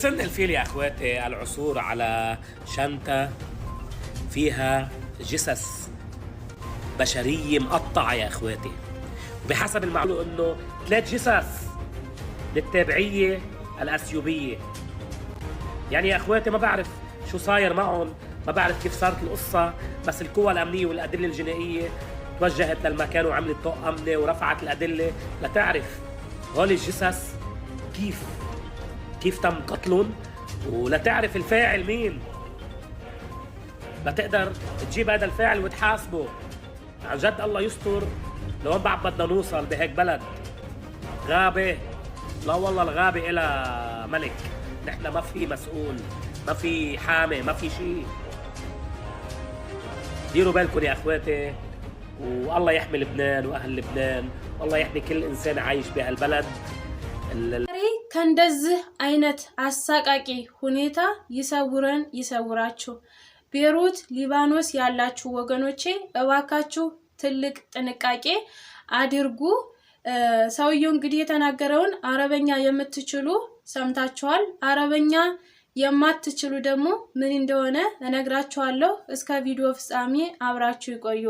سن الفيل يا اخواتي العثور على شنطة فيها جثث بشرية مقطعة يا اخواتي بحسب المعلومة انه ثلاث جثث للتابعية الاثيوبية يعني يا اخواتي ما بعرف شو صاير معهم ما بعرف كيف صارت القصة بس القوى الأمنية والأدلة الجنائية توجهت للمكان وعملت طوق أمنة ورفعت الأدلة لتعرف هول الجثث كيف كيف تم قتلهم ولا تعرف الفاعل مين لتقدر تجيب هذا الفاعل وتحاسبه عن جد الله يستر لوين بعد بدنا نوصل بهيك بلد غابة لا والله الغابة إلى ملك نحن ما في مسؤول ما في حامي ما في شيء ديروا بالكم يا اخواتي والله يحمي لبنان واهل لبنان والله يحمي كل انسان عايش بهالبلد ከእንደዚህ አይነት አሳቃቂ ሁኔታ ይሰውረን ይሰውራችሁ። ቤሩት ሊባኖስ ያላችሁ ወገኖቼ እባካችሁ ትልቅ ጥንቃቄ አድርጉ። ሰውየው እንግዲህ የተናገረውን አረበኛ የምትችሉ ሰምታችኋል። አረበኛ የማትችሉ ደግሞ ምን እንደሆነ እነግራችኋለሁ። እስከ ቪዲዮ ፍጻሜ አብራችሁ ይቆዩ።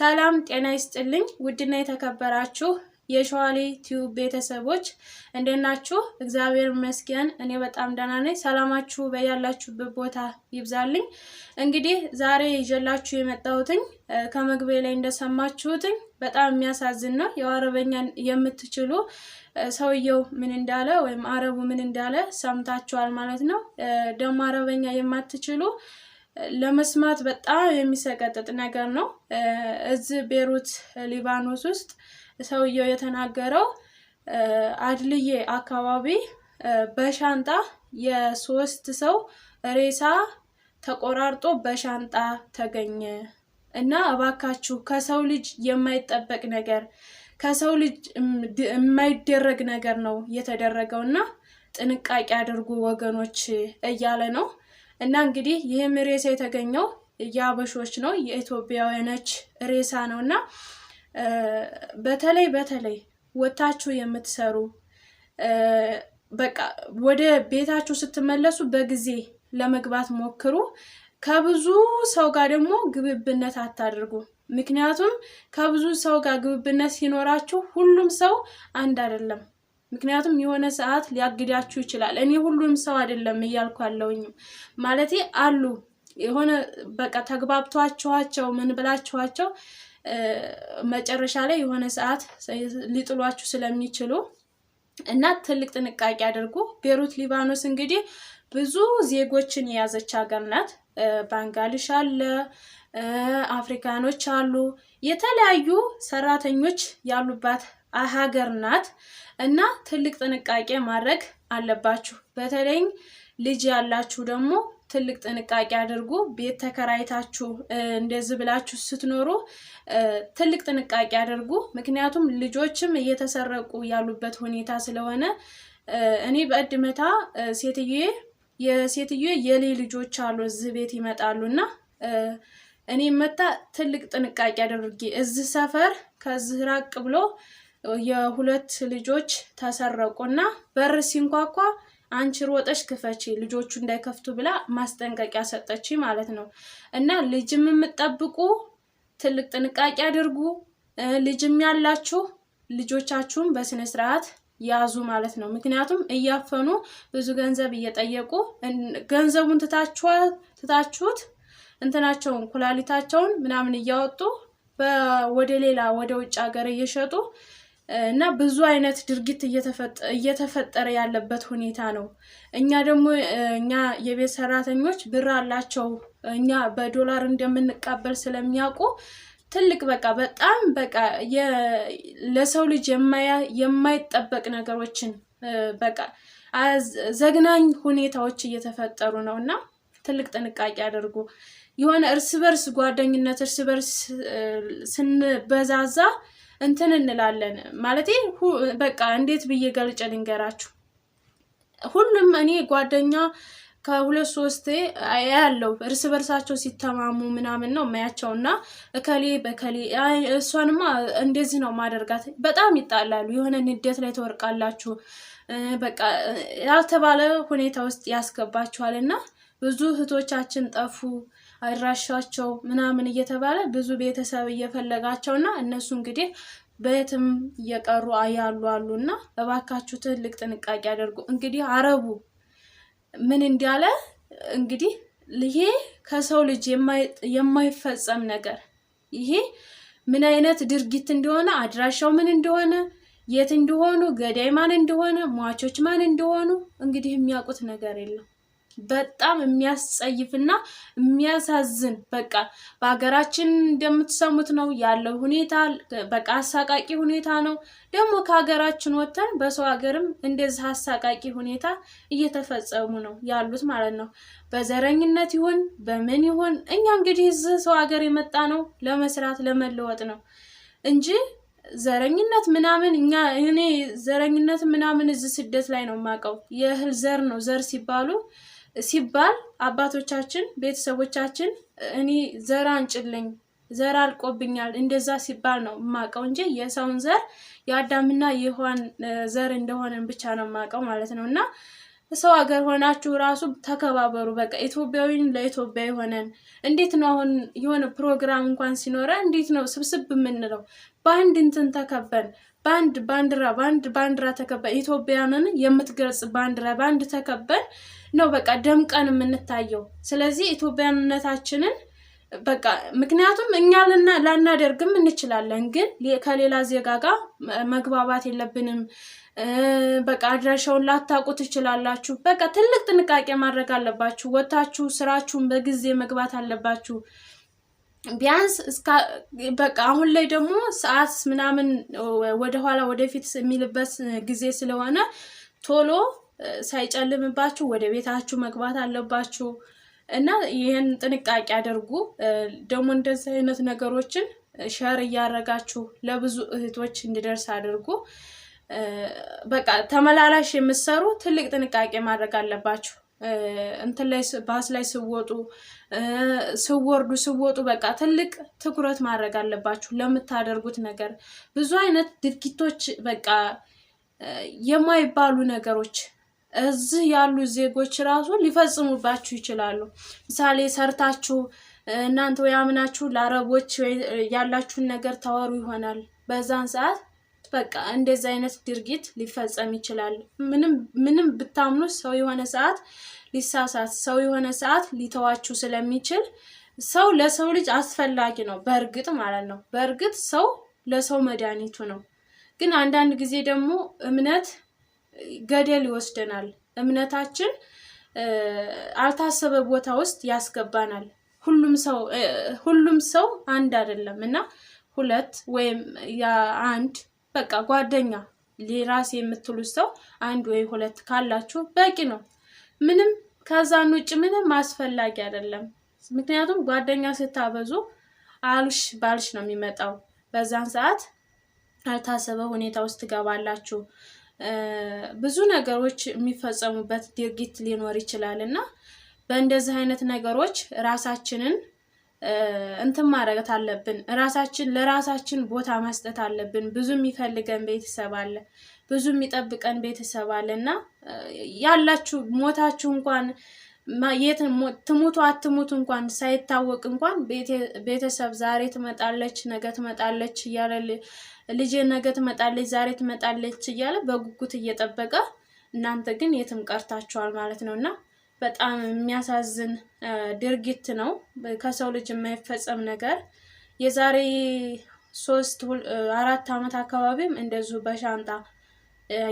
ሰላም ጤና ይስጥልኝ። ውድና የተከበራችሁ የሸዋሌ ቲዩብ ቤተሰቦች እንደናችሁ? እግዚአብሔር ይመስገን እኔ በጣም ደህና ነኝ። ሰላማችሁ በያላችሁበት ቦታ ይብዛልኝ። እንግዲህ ዛሬ ይዤላችሁ የመጣሁትኝ ከመግቤ ላይ እንደሰማችሁትኝ በጣም የሚያሳዝን ነው። ያው አረበኛን የምትችሉ ሰውየው ምን እንዳለ ወይም አረቡ ምን እንዳለ ሰምታችኋል ማለት ነው። ደግሞ አረበኛ የማትችሉ ለመስማት በጣም የሚሰቀጥጥ ነገር ነው። እዚህ ቤሩት ሊባኖስ ውስጥ ሰውየው የተናገረው አድልዬ አካባቢ በሻንጣ የሶስት ሰው ሬሳ ተቆራርጦ በሻንጣ ተገኘ እና እባካችሁ ከሰው ልጅ የማይጠበቅ ነገር ከሰው ልጅ የማይደረግ ነገር ነው የተደረገው እና ጥንቃቄ አድርጉ ወገኖች እያለ ነው እና እንግዲህ ይህም ሬሳ የተገኘው የአበሾች ነው የኢትዮጵያውያኖች ሬሳ ነው እና በተለይ በተለይ ወታችሁ የምትሰሩ በቃ ወደ ቤታችሁ ስትመለሱ በጊዜ ለመግባት ሞክሩ። ከብዙ ሰው ጋር ደግሞ ግብብነት አታድርጉ። ምክንያቱም ከብዙ ሰው ጋር ግብብነት ሲኖራችሁ ሁሉም ሰው አንድ አይደለም። ምክንያቱም የሆነ ሰዓት ሊያግዳችሁ ይችላል። እኔ ሁሉም ሰው አይደለም እያልኩ አለውኝም ማለቴ አሉ የሆነ በቃ ተግባብቷችኋቸው ምን ብላችኋቸው መጨረሻ ላይ የሆነ ሰዓት ሊጥሏችሁ ስለሚችሉ እና ትልቅ ጥንቃቄ አድርጉ። ቤሩት ሊባኖስ እንግዲህ ብዙ ዜጎችን የያዘች ሀገር ናት። ባንጋሊሽ አለ፣ አፍሪካኖች አሉ፣ የተለያዩ ሰራተኞች ያሉባት ሀገር ናት እና ትልቅ ጥንቃቄ ማድረግ አለባችሁ። በተለይም ልጅ ያላችሁ ደግሞ ትልቅ ጥንቃቄ አድርጉ። ቤት ተከራይታችሁ እንደዚህ ብላችሁ ስትኖሩ ትልቅ ጥንቃቄ አድርጉ። ምክንያቱም ልጆችም እየተሰረቁ ያሉበት ሁኔታ ስለሆነ እኔ በእድመታ ሴትዬ የሴትዬ የሌ ልጆች አሉ እዚህ ቤት ይመጣሉ እና እኔ መታ ትልቅ ጥንቃቄ አድርጌ እዚህ ሰፈር ከዚህ ራቅ ብሎ የሁለት ልጆች ተሰረቁ እና በር ሲንኳኳ አንቺ ሮጠሽ ክፈቺ ልጆቹ እንዳይከፍቱ ብላ ማስጠንቀቂያ ሰጠች ማለት ነው እና ልጅም የምጠብቁ ትልቅ ጥንቃቄ አድርጉ። ልጅም ያላችሁ ልጆቻችሁን በስነ ስርዓት ያዙ ማለት ነው። ምክንያቱም እያፈኑ ብዙ ገንዘብ እየጠየቁ ገንዘቡን ትታችሁት እንትናቸውን ኩላሊታቸውን ምናምን እያወጡ ወደ ሌላ ወደ ውጭ ሀገር እየሸጡ እና ብዙ አይነት ድርጊት እየተፈጠረ ያለበት ሁኔታ ነው። እኛ ደግሞ እኛ የቤት ሰራተኞች ብር አላቸው እኛ በዶላር እንደምንቀበል ስለሚያውቁ ትልቅ በቃ በጣም በቃ ለሰው ልጅ የማይጠበቅ ነገሮችን በቃ ዘግናኝ ሁኔታዎች እየተፈጠሩ ነው እና ትልቅ ጥንቃቄ አድርጉ። የሆነ እርስ በርስ ጓደኝነት እርስ በርስ ስንበዛዛ እንትን እንላለን ማለት በቃ እንዴት ብዬ ገልጬ ልንገራችሁ። ሁሉም እኔ ጓደኛ ከሁለት ሶስቴ ያለው እርስ በርሳቸው ሲተማሙ ምናምን ነው ማያቸው እና እከሌ በከሌ እሷንማ እንደዚህ ነው ማደርጋት። በጣም ይጣላሉ። የሆነ ንዴት ላይ ተወርቃላችሁ። በቃ ያልተባለ ሁኔታ ውስጥ ያስገባችኋል እና ብዙ እህቶቻችን ጠፉ። አድራሻቸው ምናምን እየተባለ ብዙ ቤተሰብ እየፈለጋቸው እና እነሱ እንግዲህ በየትም እየቀሩ ያሉ አሉ እና እባካችሁ ትልቅ ጥንቃቄ አድርጉ። እንግዲህ አረቡ ምን እንዳለ እንግዲህ ይሄ ከሰው ልጅ የማይፈጸም ነገር ይሄ ምን አይነት ድርጊት እንደሆነ አድራሻው ምን እንደሆነ የት እንደሆኑ ገዳይ ማን እንደሆነ ሟቾች ማን እንደሆኑ እንግዲህ የሚያውቁት ነገር የለም። በጣም የሚያስጸይፍና የሚያሳዝን በቃ በሀገራችን እንደምትሰሙት ነው ያለው ሁኔታ። በቃ አሳቃቂ ሁኔታ ነው። ደግሞ ከሀገራችን ወጥተን በሰው ሀገርም እንደዚህ አሳቃቂ ሁኔታ እየተፈጸሙ ነው ያሉት ማለት ነው። በዘረኝነት ይሁን በምን ይሁን እኛ እንግዲህ እዚህ ሰው ሀገር የመጣ ነው ለመስራት ለመለወጥ ነው እንጂ ዘረኝነት ምናምን እኛ እኔ ዘረኝነት ምናምን እዚህ ስደት ላይ ነው የማውቀው። የእህል ዘር ነው ዘር ሲባሉ ሲባል አባቶቻችን ቤተሰቦቻችን እኔ ዘር አንጭልኝ ዘር አልቆብኛል እንደዛ ሲባል ነው የማውቀው እንጂ የሰውን ዘር የአዳምና የሔዋን ዘር እንደሆነን ብቻ ነው የማውቀው ማለት ነው። እና ሰው ሀገር ሆናችሁ ራሱ ተከባበሩ። በቃ ኢትዮጵያዊን ለኢትዮጵያ የሆነን እንዴት ነው አሁን የሆነ ፕሮግራም እንኳን ሲኖረ እንዴት ነው ስብስብ የምንለው? በአንድ እንትን ተከበን በአንድ ባንዲራ በአንድ ባንዲራ ተከበን ኢትዮጵያንን የምትገልጽ ባንዲራ በአንድ ተከበን ነው በቃ ደምቀን የምንታየው። ስለዚህ ኢትዮጵያንነታችንን በቃ ምክንያቱም እኛ ላናደርግም እንችላለን፣ ግን ከሌላ ዜጋ ጋር መግባባት የለብንም። በቃ አድራሻውን ላታውቁ ትችላላችሁ። በቃ ትልቅ ጥንቃቄ ማድረግ አለባችሁ። ወታችሁ ስራችሁን በጊዜ መግባት አለባችሁ። ቢያንስ በቃ አሁን ላይ ደግሞ ሰዓት ምናምን ወደኋላ ወደፊት የሚልበት ጊዜ ስለሆነ ቶሎ ሳይጨልምባችሁ ወደ ቤታችሁ መግባት አለባችሁ እና ይህን ጥንቃቄ አድርጉ። ደግሞ እንደዚህ አይነት ነገሮችን ሸር እያደረጋችሁ ለብዙ እህቶች እንዲደርስ አድርጉ። በቃ ተመላላሽ የምትሰሩ ትልቅ ጥንቃቄ ማድረግ አለባችሁ። እንትን ላይ ባስ ላይ ስወጡ ስወርዱ ስወጡ በቃ ትልቅ ትኩረት ማድረግ አለባችሁ ለምታደርጉት ነገር። ብዙ አይነት ድርጊቶች በቃ የማይባሉ ነገሮች እዚህ ያሉ ዜጎች ራሱ ሊፈጽሙባችሁ ይችላሉ። ምሳሌ ሰርታችሁ እናንተ አምናችሁ ለአረቦች ያላችሁን ነገር ታወሩ ይሆናል። በዛን ሰዓት በቃ እንደዚህ አይነት ድርጊት ሊፈጸም ይችላል። ምንም ብታምኑ ሰው የሆነ ሰዓት ሊሳሳት፣ ሰው የሆነ ሰዓት ሊተዋችሁ ስለሚችል ሰው ለሰው ልጅ አስፈላጊ ነው። በእርግጥ ማለት ነው። በእርግጥ ሰው ለሰው መድኃኒቱ ነው። ግን አንዳንድ ጊዜ ደግሞ እምነት ገደል ይወስደናል። እምነታችን አልታሰበ ቦታ ውስጥ ያስገባናል። ሁሉም ሰው አንድ አይደለም እና ሁለት ወይም አንድ በቃ ጓደኛ ሊራሴ የምትሉት ሰው አንድ ወይ ሁለት ካላችሁ በቂ ነው። ምንም ከዛን ውጭ ምንም አስፈላጊ አይደለም። ምክንያቱም ጓደኛ ስታበዙ አልሽ ባልሽ ነው የሚመጣው። በዛን ሰዓት አልታሰበ ሁኔታ ውስጥ ትገባላችሁ። ብዙ ነገሮች የሚፈጸሙበት ድርጊት ሊኖር ይችላል እና በእንደዚህ አይነት ነገሮች ራሳችንን እንትን ማድረግ አለብን። ራሳችን ለራሳችን ቦታ መስጠት አለብን። ብዙ የሚፈልገን ቤተሰብ አለ፣ ብዙ የሚጠብቀን ቤተሰብ አለ እና ያላችሁ ሞታችሁ እንኳን ትሙቱ አትሙቱ እንኳን ሳይታወቅ እንኳን ቤተሰብ ዛሬ ትመጣለች፣ ነገ ትመጣለች እያለ ልጄ ነገ ትመጣለች፣ ዛሬ ትመጣለች እያለ በጉጉት እየጠበቀ እናንተ ግን የትም ቀርታችኋል ማለት ነው እና በጣም የሚያሳዝን ድርጊት ነው። ከሰው ልጅ የማይፈጸም ነገር የዛሬ ሶስት አራት ዓመት አካባቢም እንደዚሁ በሻንጣ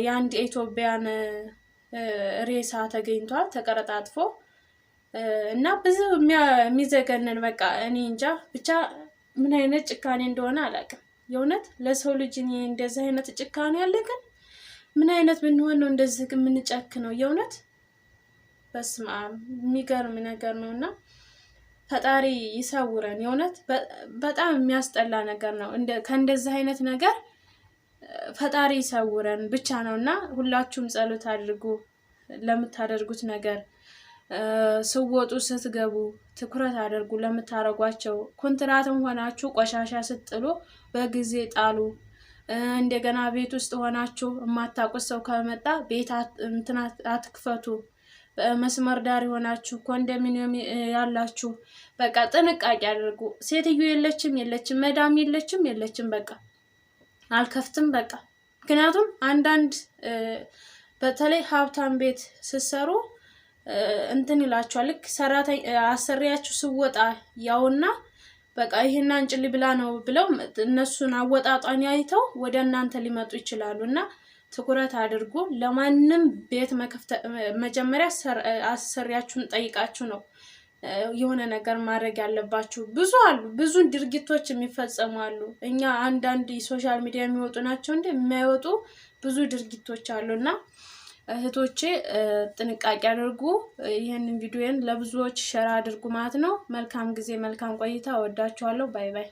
የአንድ ኢትዮጵያን ሬሳ ተገኝቷል ተቀረጣጥፎ እና ብዙ የሚዘገንን በቃ እኔ እንጃ ብቻ ምን አይነት ጭካኔ እንደሆነ አላውቅም። የእውነት ለሰው ልጅ እኔ እንደዚህ አይነት ጭካኔ ያለ ግን ምን አይነት ብንሆን ነው እንደዚህ ግን የምንጨክ ነው? የእውነት በስመ አብ የሚገርም ነገር ነው እና ፈጣሪ ይሰውረን። የእውነት በጣም የሚያስጠላ ነገር ነው። ከእንደዚህ አይነት ነገር ፈጣሪ ይሰውረን ብቻ ነው እና ሁላችሁም ጸሎት አድርጉ ለምታደርጉት ነገር ስወጡ ስትገቡ ትኩረት አድርጉ ለምታደርጓቸው። ኮንትራትም ሆናችሁ ቆሻሻ ስትጥሉ በጊዜ ጣሉ። እንደገና ቤት ውስጥ ሆናችሁ የማታውቁት ሰው ከመጣ ቤት አትክፈቱ። መስመር ዳር የሆናችሁ ኮንዶሚኒየም ያላችሁ በቃ ጥንቃቄ አድርጉ። ሴትዮ የለችም የለችም፣ መዳም የለችም የለችም፣ በቃ አልከፍትም በቃ። ምክንያቱም አንዳንድ በተለይ ሀብታም ቤት ስትሰሩ እንትን ይላቸዋል ልክ ሰራተኛ አሰሪያችሁ ስወጣ ያውና በቃ ይሄን አንጭሊ ብላ ነው ብለው እነሱን አወጣጧን አይተው ወደ እናንተ ሊመጡ ይችላሉ እና ትኩረት አድርጎ ለማንም ቤት መጀመሪያ አሰሪያችሁን ጠይቃችሁ ነው የሆነ ነገር ማድረግ ያለባችሁ። ብዙ አሉ፣ ብዙ ድርጊቶች የሚፈጸሙ አሉ። እኛ አንዳንድ ሶሻል ሚዲያ የሚወጡ ናቸው እንደ የማይወጡ ብዙ ድርጊቶች አሉ እና እህቶቼ ጥንቃቄ አድርጉ። ይህንን ቪዲዮን ለብዙዎች ሸራ አድርጉ ማለት ነው። መልካም ጊዜ፣ መልካም ቆይታ። ወዳችኋለሁ። ባይ ባይ።